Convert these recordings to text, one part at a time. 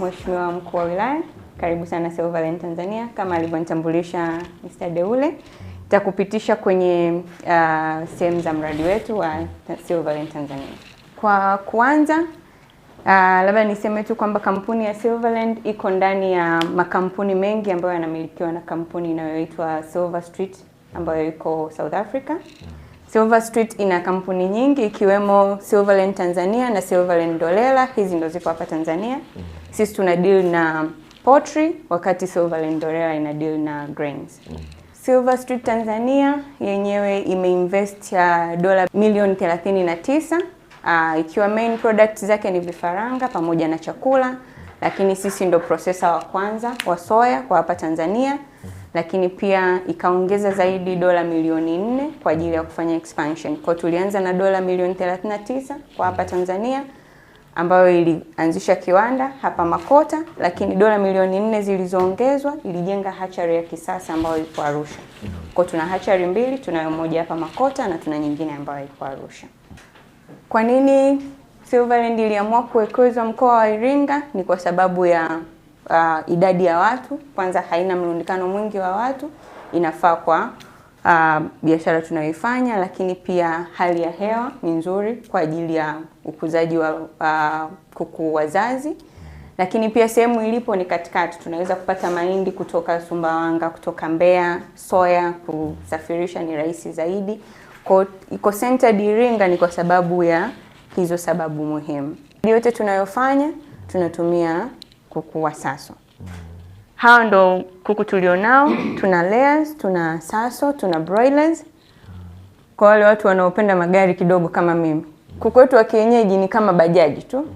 Mheshimiwa Mkuu wa Wilaya, karibu sana Silverline Tanzania. Kama alivyonitambulisha Mr. Deule, nitakupitisha kwenye uh, sehemu za mradi wetu wa Silverline Tanzania. Kwa kuanza Uh, labda niseme tu kwamba kampuni ya Silverland iko ndani ya makampuni mengi ambayo yanamilikiwa na kampuni inayoitwa Silver Street ambayo iko South Africa. Silver Street ina kampuni nyingi ikiwemo Silverland Tanzania na Silverland Dolela, hizi ndo ziko hapa Tanzania. Sisi tuna deal na poultry wakati Silver lendorea ina deal na grains. Mm. Silver Street Tanzania yenyewe imeinvest ya dola milioni 39 uh, ah, ikiwa main product zake ni vifaranga pamoja na chakula, lakini sisi ndo processor wa kwanza wa soya kwa hapa Tanzania, mm-hmm. lakini pia ikaongeza zaidi dola milioni nne kwa ajili ya kufanya expansion. Kwa tulianza na dola milioni 39 kwa hapa mm. Tanzania ambayo ilianzisha kiwanda hapa Makota, lakini dola milioni nne zilizoongezwa ilijenga hachari ya kisasa ambayo iko Arusha. Kwa tuna hachari mbili, tunayo moja hapa Makota na tuna nyingine ambayo iko Arusha. Kwa nini Silverland iliamua kuwekezwa mkoa wa Iringa? Ni kwa sababu ya uh, idadi ya watu. Kwanza haina mlundikano mwingi wa watu, inafaa kwa uh, biashara tunayoifanya, lakini pia hali ya hewa ni nzuri kwa ajili ya ukuzaji wa uh, kuku wazazi, lakini pia sehemu ilipo ni katikati, tunaweza kupata mahindi kutoka Sumbawanga, kutoka Mbeya, soya kusafirisha ni rahisi zaidi. Kwa iko centered Iringa ni kwa sababu ya hizo sababu muhimu. Yote tunayofanya tunatumia kuku wa Saso. Hawa ndo kuku tulionao. Tuna layers, tuna saso, tuna broilers. Kwa wale watu wanaopenda magari kidogo kama mimi, kuku wetu wa kienyeji ni kama bajaji tu,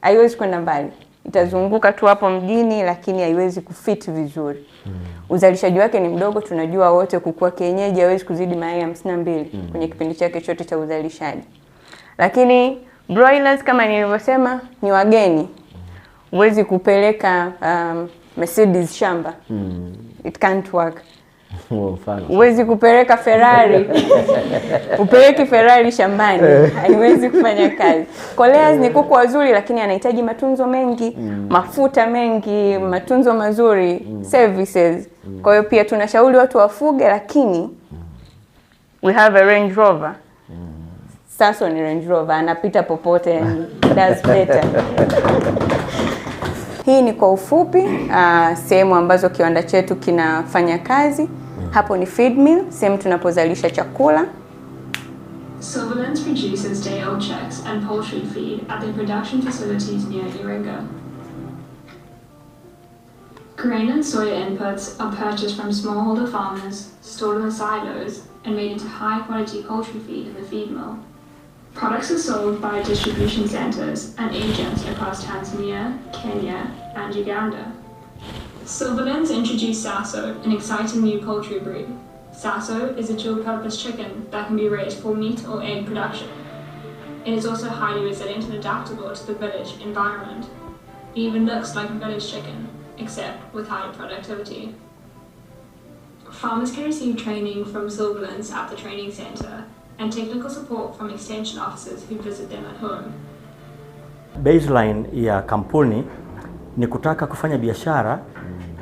haiwezi kwenda mbali, itazunguka tu hapo mjini, lakini haiwezi kufit vizuri. Uzalishaji wake ni mdogo, tunajua wote. Kuku wa kienyeji hawezi kuzidi mayai hamsini na mbili kwenye kipindi chake chote cha uzalishaji, lakini broilers kama nilivyosema ni wageni, huwezi kupeleka um, Mercedes shamba. Hmm. It can't work. Huwezi kupeleka Ferrari upeleke Ferrari shambani, eh. haiwezi kufanya kazi. Koleas ni eh. kuku wazuri, lakini anahitaji matunzo mengi mm. mafuta mengi, hmm. matunzo mazuri mm. services mm. Kwa hiyo pia tunashauri watu wafuge, lakini we have a Range Rover mm. ni Range Rover, anapita popote does better Hii ni kwa ufupi uh, sehemu ambazo kiwanda chetu kinafanya kazi hmm. Hapo ni feed mill, sehemu tunapozalisha chakula. Silverlands produces day-old chicks and poultry feed at their production facilities near Iringa. Grain and soya inputs are purchased from smallholder farmers, stored in silos, and made into high-quality poultry feed in the feed mill. Products are sold by distribution centers and agents across Tanzania, Kenya, and Uganda. Silverlands introduced Sasso, an exciting new poultry breed. Sasso is a dual-purpose chicken that can be raised for meat or egg production. It is also highly resilient and adaptable to the village environment. It even looks like a village chicken, except with higher productivity. Farmers can receive training from Silverlands at the training centre and technical support from extension officers who visit them at home. Baseline ya kampuni ni kutaka kufanya biashara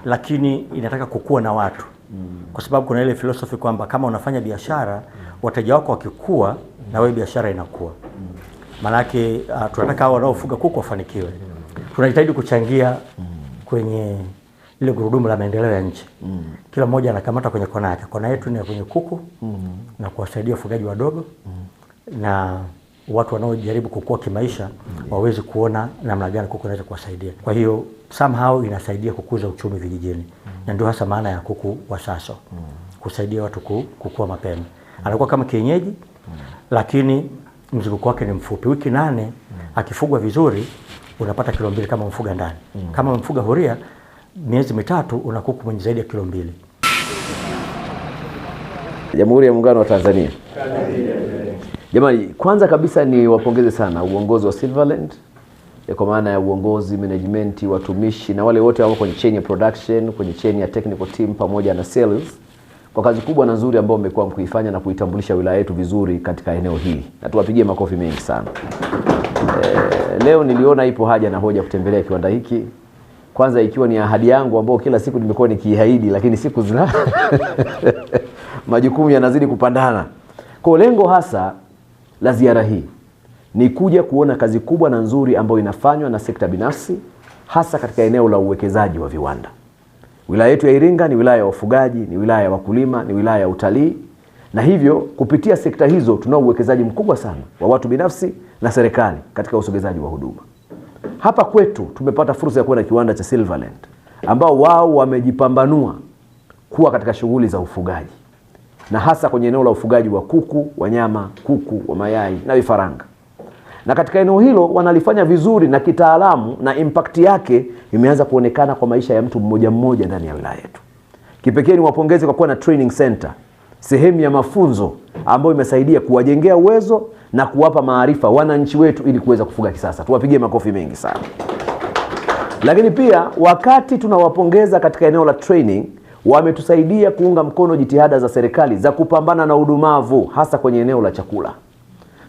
lakini inataka kukua na watu, kwa sababu kuna ile philosophy kwamba kama unafanya biashara wateja wako wakikua na wewe biashara inakuwa. Maanake uh, ah, tunataka hao wanaofuga kuku wafanikiwe. Tunajitahidi kuchangia kwenye ile gurudumu la maendeleo ya nchi mm. Kila mmoja anakamata kwenye kona yake. Kona yetu ni kwenye kuku mm. na kuwasaidia wafugaji wadogo mm. na watu wanaojaribu kukua kimaisha mm. waweze kuona namna gani kuku inaweza kuwasaidia. Kwa hiyo somehow inasaidia kukuza uchumi vijijini mm. na ndio hasa maana ya kuku wa sasa mm. kusaidia watu kukua mapema mm. anakuwa kama kienyeji mm. lakini mzunguko wake ni mfupi, wiki nane mm. akifugwa vizuri unapata kilo mbili kama mfuga ndani mm. kama mfuga huria miezi mitatu una kuku mwenye zaidi ya kilo mbili. Jamhuri ya Muungano wa Tanzania. Jamani, kwanza kabisa ni wapongeze sana uongozi wa Silverland kwa maana ya uongozi, management, watumishi na wale wote ambao kwenye chain ya production, kwenye chain ya technical team pamoja na sales kwa kazi kubwa na nzuri ambayo mmekuwa mkuifanya na kuitambulisha wilaya yetu vizuri katika eneo hili, na tuwapigie makofi mengi sana. E, leo niliona ipo haja na hoja kutembelea kiwanda hiki kwanza ikiwa ni ahadi yangu ambayo kila siku nimekuwa nikiahidi lakini siku zina majukumu yanazidi kupandana. Kwa lengo hasa la ziara hii ni kuja kuona kazi kubwa na nzuri ambayo inafanywa na sekta binafsi hasa katika eneo la uwekezaji wa viwanda. Wilaya yetu ya Iringa ni wilaya ya wafugaji, ni wilaya ya wakulima, ni wilaya ya utalii, na hivyo kupitia sekta hizo tunao uwekezaji mkubwa sana wa watu binafsi na serikali katika usogezaji wa huduma. Hapa kwetu tumepata fursa ya kuwa na kiwanda cha Silverland ambao wao wamejipambanua kuwa katika shughuli za ufugaji na hasa kwenye eneo la ufugaji wa kuku wa nyama, kuku wa mayai na vifaranga, na katika eneo hilo wanalifanya vizuri na kitaalamu, na impact yake imeanza kuonekana kwa maisha ya mtu mmoja mmoja ndani ya wilaya yetu. Kipekee ni wapongeze kwa kuwa na training center, sehemu ya mafunzo ambayo imesaidia kuwajengea uwezo na kuwapa maarifa wananchi wetu ili kuweza kufuga kisasa. Tuwapigie makofi mengi sana. Lakini pia wakati tunawapongeza katika eneo la training, wametusaidia kuunga mkono jitihada za serikali za kupambana na udumavu hasa kwenye eneo la chakula.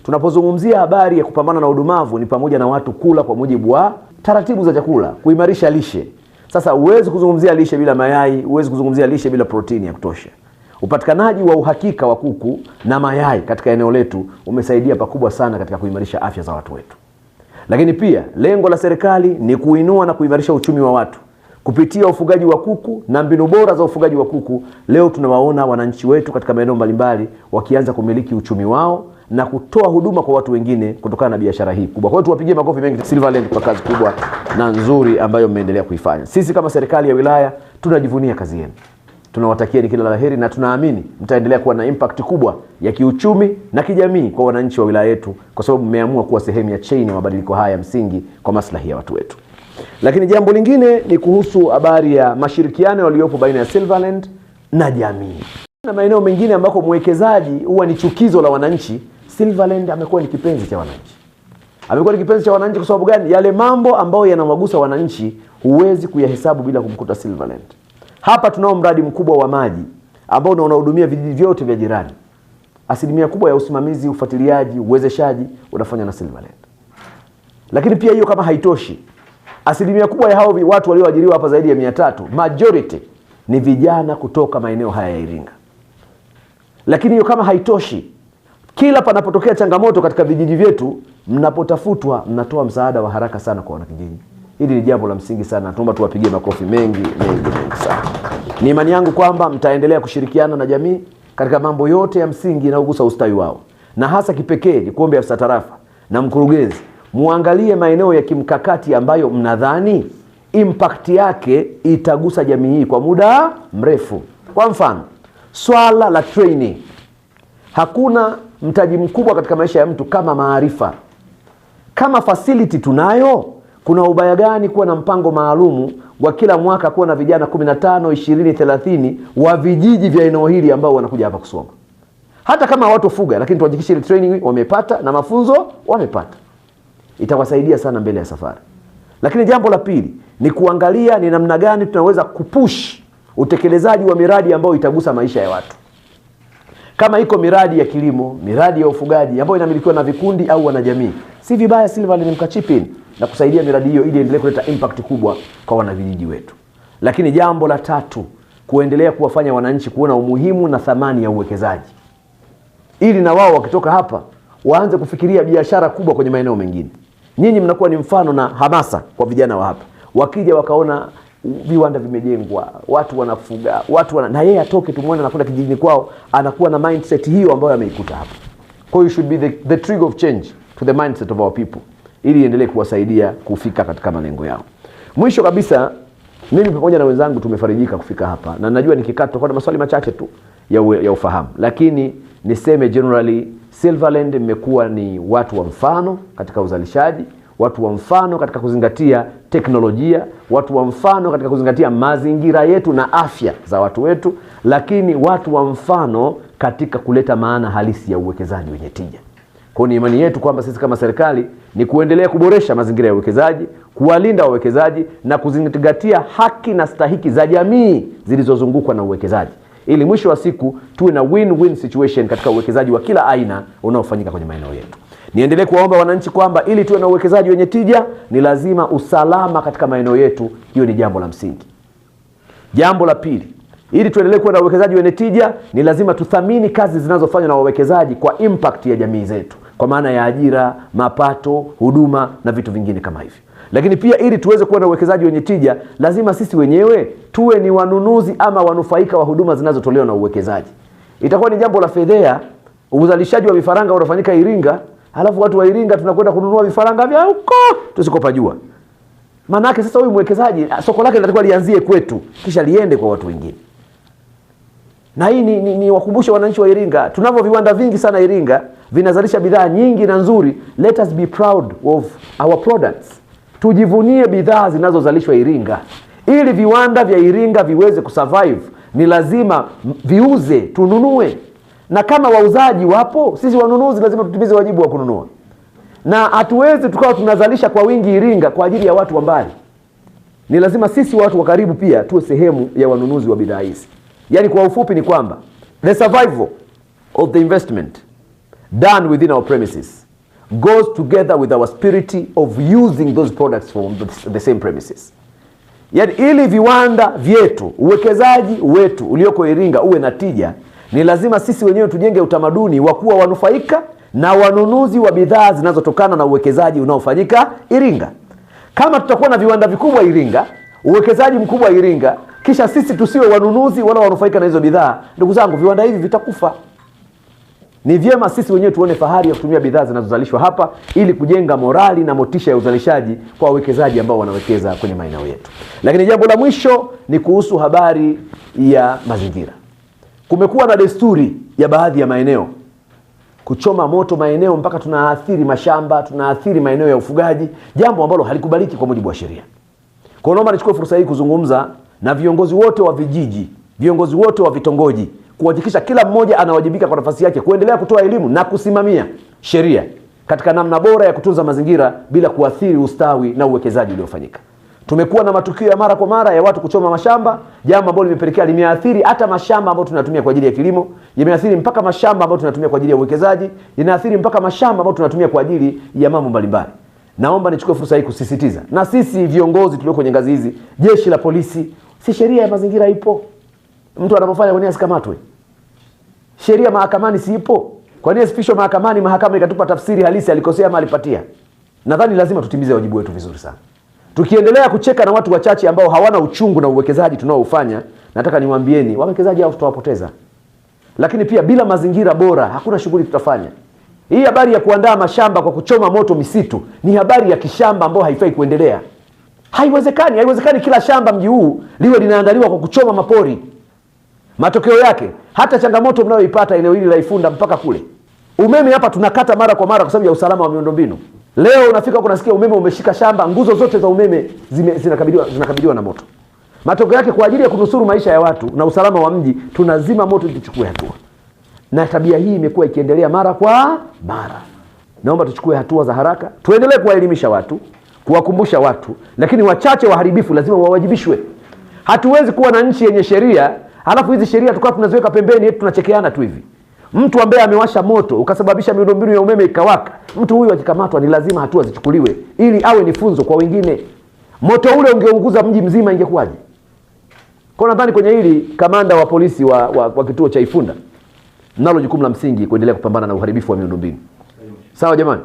Tunapozungumzia habari ya kupambana na udumavu ni pamoja na watu kula kwa mujibu wa taratibu za chakula, kuimarisha lishe. Sasa huwezi kuzungumzia lishe bila mayai, huwezi kuzungumzia lishe bila protini ya kutosha. Upatikanaji wa uhakika wa kuku na mayai katika eneo letu umesaidia pakubwa sana katika kuimarisha afya za watu wetu. Lakini pia lengo la serikali ni kuinua na kuimarisha uchumi wa watu kupitia ufugaji wa kuku na mbinu bora za ufugaji wa kuku. Leo tunawaona wananchi wetu katika maeneo mbalimbali wakianza kumiliki uchumi wao na kutoa huduma kwa watu wengine kutokana na biashara hii kubwa. Kwa hiyo tuwapigie makofi mengi Silverland kwa kazi kubwa na nzuri ambayo mmeendelea kuifanya. Sisi kama serikali ya wilaya tunajivunia kazi yenu ni kila la heri na tunaamini mtaendelea kuwa na impact kubwa ya kiuchumi na kijamii kwa wananchi wa wilaya yetu, kwa sababu mmeamua kuwa sehemu ya chain ya mabadiliko haya ya msingi kwa maslahi ya watu wetu. Lakini jambo lingine ni kuhusu habari ya mashirikiano yaliyopo baina ya Silverland na jamii na maeneo mengine ambako mwekezaji huwa ni chukizo la wananchi. Silverland amekuwa ni kipenzi cha wananchi, amekuwa ni kipenzi cha wananchi. Kwa sababu gani? Yale mambo ambayo yanawagusa wananchi huwezi kuyahesabu bila kumkuta Silverland. Hapa tunao mradi mkubwa wa maji ambao unahudumia vijiji vyote vya jirani. Asilimia kubwa ya usimamizi, ufuatiliaji, uwezeshaji unafanywa na Silverland. Lakini pia hiyo kama haitoshi, asilimia kubwa ya hao watu walioajiriwa hapa zaidi ya mia tatu, majority ni vijana kutoka maeneo haya ya Iringa. Lakini hiyo kama haitoshi, kila panapotokea changamoto katika vijiji vyetu, mnapotafutwa, mnatoa msaada wa haraka sana kwa wanakijiji. Hili ni jambo la msingi sana, tunaomba tuwapigie makofi mengi mengi mengi sana. Ni imani yangu kwamba mtaendelea kushirikiana na jamii katika mambo yote ya msingi inayogusa ustawi wao, na hasa kipekee ni kuombe afisa tarafa na mkurugenzi muangalie maeneo ya kimkakati ambayo mnadhani impact yake itagusa jamii hii kwa muda mrefu. Kwa mfano, swala la training. Hakuna mtaji mkubwa katika maisha ya mtu kama maarifa. Kama facility tunayo, kuna ubaya gani kuwa na mpango maalumu wa kila mwaka kuwa na vijana 15, 20, 30 wa vijiji vya eneo hili ambao wanakuja hapa kusoma, hata kama watofuga, lakini tuhakikishe ile training wamepata na mafunzo wamepata, itawasaidia sana mbele ya safari. Lakini jambo la pili ni kuangalia ni namna gani tunaweza kupush utekelezaji wa miradi ambayo itagusa maisha ya watu. Kama iko miradi ya kilimo, miradi ya ufugaji ambayo inamilikiwa na vikundi au wanajamii, si vibaya Silverland mkachip na kusaidia miradi hiyo ili endelee kuleta impact kubwa kwa wanavijiji wetu. Lakini jambo la tatu, kuendelea kuwafanya wananchi kuona umuhimu na thamani ya uwekezaji, ili na wao wakitoka hapa waanze kufikiria biashara kubwa kwenye maeneo mengine. Nyinyi mnakuwa ni mfano na hamasa kwa vijana wa hapa, wakija wakaona viwanda vimejengwa, watu wanafuga, watu wana, na yeye atoke tumwone anakwenda kijijini kwao, anakuwa na mindset hiyo ambayo ameikuta hapo. Kwa hiyo should be the, the trigger of change to the mindset of our people, ili iendelee kuwasaidia kufika katika malengo yao. Mwisho kabisa, mimi pamoja na wenzangu tumefarijika kufika hapa, na najua nikikata tutakuwa na maswali machache tu ya, u, ya ufahamu, lakini niseme generally Silverland mmekuwa ni watu wa mfano katika uzalishaji watu wa mfano katika kuzingatia teknolojia, watu wa mfano katika kuzingatia mazingira yetu na afya za watu wetu, lakini watu wa mfano katika kuleta maana halisi ya uwekezaji wenye tija. Kwa ni imani yetu kwamba sisi kama serikali ni kuendelea kuboresha mazingira ya uwekezaji, kuwalinda wawekezaji na kuzingatia haki na stahiki za jamii zilizozungukwa na uwekezaji ili mwisho wa siku tuwe na win-win situation katika uwekezaji wa kila aina unaofanyika kwenye maeneo yetu. Niendelee kuwaomba wananchi kwamba ili tuwe na uwekezaji wenye tija ni lazima usalama katika maeneo yetu, hiyo ni jambo la msingi. Jambo la pili, ili tuendelee kuwa na uwekezaji wenye tija ni lazima tuthamini kazi zinazofanywa na wawekezaji kwa impact ya jamii zetu, kwa maana ya ajira, mapato, huduma na vitu vingine kama hivyo. Lakini pia ili tuweze kuwa na uwekezaji wenye tija, lazima sisi wenyewe tuwe ni wanunuzi ama wanufaika wa huduma zinazotolewa na uwekezaji. Itakuwa ni jambo la fedhea uzalishaji wa vifaranga unafanyika Iringa alafu watu wa Iringa tunakwenda kununua vifaranga vya huko tusikopajua. Maana yake sasa, huyu mwekezaji ah, soko lake linatakiwa lianzie kwetu, kisha liende kwa watu wengine. Na hii ni, ni, ni wakumbushe wananchi wa Iringa, tunavyo viwanda vingi sana Iringa vinazalisha bidhaa nyingi na nzuri. Let us be proud of our products, tujivunie bidhaa zinazozalishwa Iringa. Ili viwanda vya Iringa viweze kusurvive, ni lazima viuze, tununue na kama wauzaji wapo, sisi wanunuzi lazima tutimize wajibu wa kununua, na hatuwezi tukawa tunazalisha kwa wingi Iringa kwa ajili ya watu wa mbali. Ni lazima sisi watu wa karibu pia tuwe sehemu ya wanunuzi wa bidhaa hizi. Yaani kwa ufupi ni kwamba the survival of the investment done within our premises goes together with our spirit of using those products from the same premises. Yaani ili viwanda vyetu, uwekezaji wetu ulioko Iringa uwe na tija ni lazima sisi wenyewe tujenge utamaduni wa kuwa wanufaika na wanunuzi wa bidhaa zinazotokana na uwekezaji unaofanyika Iringa. Kama tutakuwa na viwanda vikubwa Iringa, uwekezaji mkubwa Iringa, kisha sisi tusiwe wanunuzi wala wanufaika na hizo bidhaa, ndugu zangu, viwanda hivi vitakufa. Ni vyema sisi wenyewe tuone fahari ya kutumia bidhaa zinazozalishwa hapa ili kujenga morali na motisha ya uzalishaji kwa wawekezaji ambao wanawekeza kwenye maeneo yetu. Lakini jambo la mwisho ni kuhusu habari ya mazingira. Kumekuwa na desturi ya baadhi ya maeneo kuchoma moto maeneo mpaka tunaathiri mashamba, tunaathiri maeneo ya ufugaji, jambo ambalo halikubaliki kwa mujibu wa sheria. Kwa naomba nichukue fursa hii kuzungumza na viongozi wote wa vijiji, viongozi wote wa vitongoji kuhakikisha kila mmoja anawajibika kwa nafasi yake, kuendelea kutoa elimu na kusimamia sheria katika namna bora ya kutunza mazingira bila kuathiri ustawi na uwekezaji uliofanyika. Tumekuwa na matukio ya mara kwa mara ya watu kuchoma mashamba, jambo ambalo limepelekea limeathiri hata mashamba ambayo tunatumia kwa ajili ya kilimo, limeathiri mpaka mashamba ambayo tunatumia kwa ajili ya uwekezaji, linaathiri mpaka mashamba ambayo tunatumia kwa ajili ya mambo mbalimbali. Naomba nichukue fursa hii kusisitiza, na sisi viongozi tulio kwenye ngazi hizi, jeshi la polisi, si sheria ya mazingira ipo? Mtu anapofanya kwa nini asikamatwe? Sheria mahakamani si ipo? Kwa nini asipishwe mahakamani, mahakama ikatupa tafsiri halisi, alikosea ama alipatia? Nadhani lazima tutimize wajibu wetu vizuri sana. Tukiendelea kucheka na watu wachache ambao hawana uchungu na uwekezaji tunaoufanya, nataka niwaambieni, wawekezaji hao tutawapoteza. Lakini pia bila mazingira bora hakuna shughuli tutafanya. Hii habari ya kuandaa mashamba kwa kuchoma moto misitu ni habari ya kishamba ambayo haifai kuendelea. Haiwezekani, haiwezekani kila shamba mji huu liwe linaandaliwa kwa kuchoma mapori. Matokeo yake hata changamoto mnayoipata eneo hili la Ifunda mpaka kule, umeme hapa tunakata mara kwa mara kwa sababu ya usalama wa miundombinu. Leo unafika kunasikia umeme umeshika shamba, nguzo zote za umeme zime, zinakabiliwa, zinakabiliwa na moto. Matokeo yake kwa ajili ya kunusuru maisha ya watu na usalama wa mji tunazima moto, tuchukue hatua, na tabia hii imekuwa ikiendelea mara kwa mara. Naomba tuchukue hatua za haraka, tuendelee kuwaelimisha watu, kuwakumbusha watu, lakini wachache waharibifu lazima wawajibishwe. Hatuwezi kuwa na nchi yenye sheria halafu hizi sheria tukawa tunaziweka pembeni, tunachekeana tu hivi. Mtu ambaye amewasha moto ukasababisha miundombinu ya umeme ikawaka, mtu huyu akikamatwa, ni lazima hatua zichukuliwe ili awe ni funzo kwa wengine. Moto ule ungeunguza mji mzima, ingekuwaje? Kwa nadhani kwenye hili kamanda wa polisi wa, wa, wa kituo cha Ifunda mnalo jukumu la msingi kuendelea kupambana na uharibifu wa miundombinu. Sawa jamani.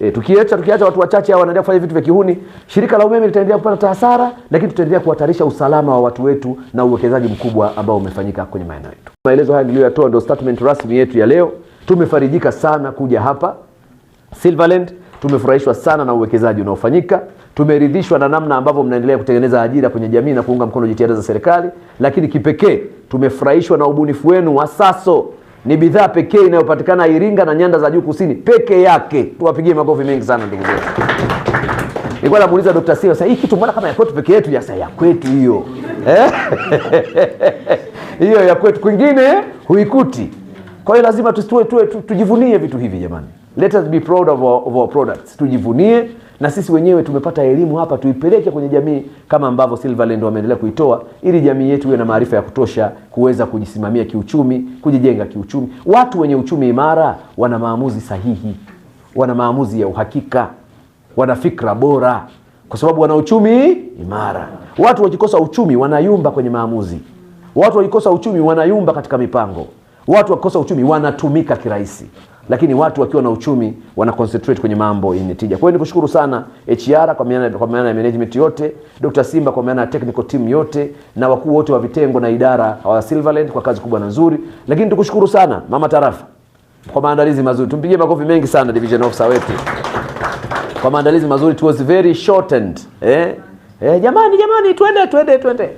E, tukiacha tukiacha watu wachache hao wanaendelea kufanya vitu vya kihuni, shirika la umeme litaendelea kupata hasara, lakini tutaendelea kuhatarisha usalama wa watu wetu na uwekezaji mkubwa ambao umefanyika kwenye maeneo yetu. Maelezo haya niliyoyatoa ndio statement rasmi yetu ya leo. Tumefarijika sana kuja hapa Silverland, tumefurahishwa sana na uwekezaji unaofanyika, tumeridhishwa na namna ambavyo mnaendelea kutengeneza ajira kwenye jamii na kuunga mkono jitihada za serikali, lakini kipekee tumefurahishwa na ubunifu wenu wa Saso ni bidhaa pekee inayopatikana Iringa na nyanda za juu kusini peke yake. Tuwapigie makofi mengi sana ndugu zetu. Nilikuwa namuuliza Dr. Sio, sasa hii kitu mbona kama ya kwetu peke yetu? Ya ya kwetu hiyo eh? hiyo ya kwetu kwingine huikuti. Kwa hiyo lazima tujivunie vitu hivi jamani. Let us be proud of our, of our products. Tujivunie na sisi wenyewe tumepata elimu hapa, tuipeleke kwenye jamii kama ambavyo Silverland wameendelea kuitoa, ili jamii yetu iwe na maarifa ya kutosha kuweza kujisimamia kiuchumi, kujijenga kiuchumi. Watu wenye uchumi imara wana maamuzi sahihi, wana maamuzi ya uhakika, wana fikra bora, kwa sababu wana uchumi imara. Watu wakikosa uchumi wanayumba kwenye maamuzi, watu wakikosa uchumi wanayumba katika mipango, watu wakikosa uchumi wanatumika kirahisi lakini watu wakiwa na uchumi wana concentrate kwenye mambo yenye tija. Kwa hiyo nikushukuru sana HR kwa maana kwa maana ya management yote, Dr. Simba kwa maana ya technical team yote na wakuu wote wa vitengo na idara wa Silverland kwa kazi kubwa na nzuri. Lakini tukushukuru sana Mama Tarafa kwa maandalizi mazuri. Tumpigie makofi mengi sana division officer wetu. Kwa maandalizi mazuri it was very shortened. Eh? Eh, jamani jamani, twende twende twende.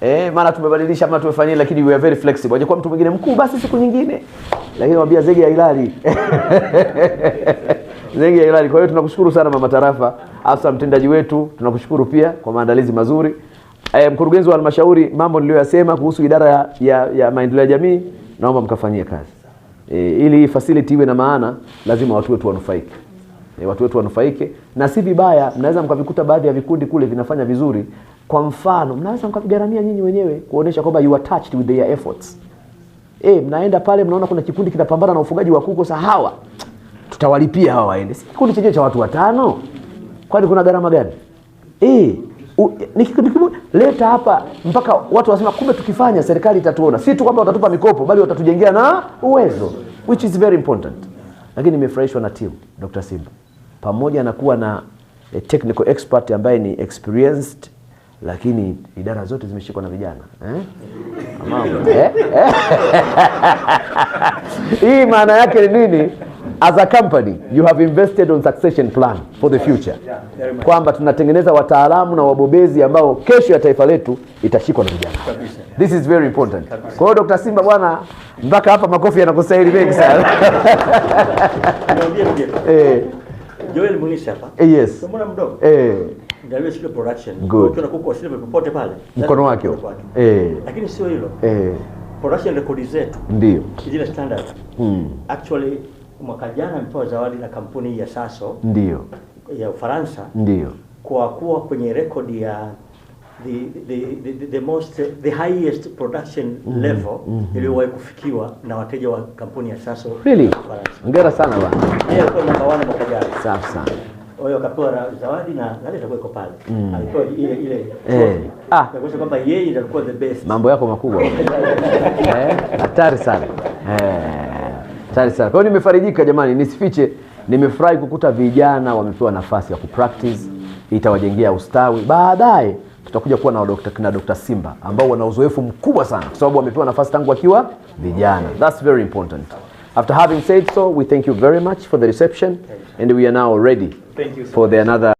Eh, mara tumebadilisha mara tumefanyia, lakini we are very flexible. Aje kwa mtu mwingine mkuu, basi siku nyingine, lakini mwambia zege ya Hilali zege ya Hilali. Kwa hiyo tunakushukuru sana mama tarafa, hasa mtendaji wetu, tunakushukuru pia kwa maandalizi mazuri. Eh, mkurugenzi wa halmashauri, mambo niliyoyasema kuhusu idara ya, ya, ya maendeleo ya jamii naomba mkafanyie kazi eh, ili facility iwe na maana, lazima watu wetu wanufaike eh, watu wetu wanufaike, na si vibaya, mnaweza mkavikuta baadhi ya vikundi kule vinafanya vizuri kwa mfano, mnaweza mkavigharamia nyinyi wenyewe kuonesha kwamba you are touched with their efforts. Eh, mnaenda pale mnaona kuna kikundi kinapambana na ufugaji wa kuku, sasa hawa tutawalipia hawa waende. Si kikundi chenyewe cha watu watano? Kwani kuna gharama gani? Eh, leta hapa mpaka watu wasema kumbe tukifanya serikali itatuona. Si tu kwamba watatupa mikopo bali watatujengea na uwezo which is very important. Lakini nimefurahishwa na timu Dr. Simba pamoja na kuwa na eh, technical expert ambaye ni experienced lakini idara zote zimeshikwa na vijana eh? eh? eh. hii maana yake ni nini? As a company you have invested on succession plan for the future, kwamba tunatengeneza wataalamu na wabobezi ambao kesho ya taifa letu itashikwa na vijana. This is very important. Kwa hiyo Dr. Simba bwana, mpaka hapa makofi yanakustahili mengi sana. eh. Joel Munisha hapa. Eh, Yes. Mbona Mdogo. Eh ndio Studio Production. Ukiwa na kuku wasile popote pale. Mkono wake. Eh. Lakini sio hilo. Eh. Production record zetu. Ndio. Zile standard. Mm. Actually mwaka jana nimepewa zawadi na kampuni ya Saso. Ndio. Ya Ufaransa. Ndio. Kwa kuwa kwenye record ya the, the, the, the most the highest production mm level mm -hmm. iliyowahi kufikiwa na wateja wa kampuni ya Saso. Really? Hongera sana bwana. Yeye kwa namba 1 mwaka jana. Safi sana. Kwa hiyo akapewa zawadi na nani atakuwa iko pale. Mm. Alipewa ile ile. Eh. Ah. Kuonyesha kwamba yeye ndiye alikuwa the best. Mambo yako makubwa. Eh, hatari sana. Eh. Hatari sana. Kwa hiyo nimefarijika jamani, nisifiche nimefurahi kukuta vijana wamepewa nafasi ya kupractice, itawajengea ustawi baadaye. Tutakuja kuwa na Dr. kina Dr. Simba ambao wana uzoefu mkubwa sana, kwa sababu wamepewa nafasi tangu wakiwa vijana. That's very important. After having said so, we thank you very much for the reception, and we are now ready Thank you so for the another.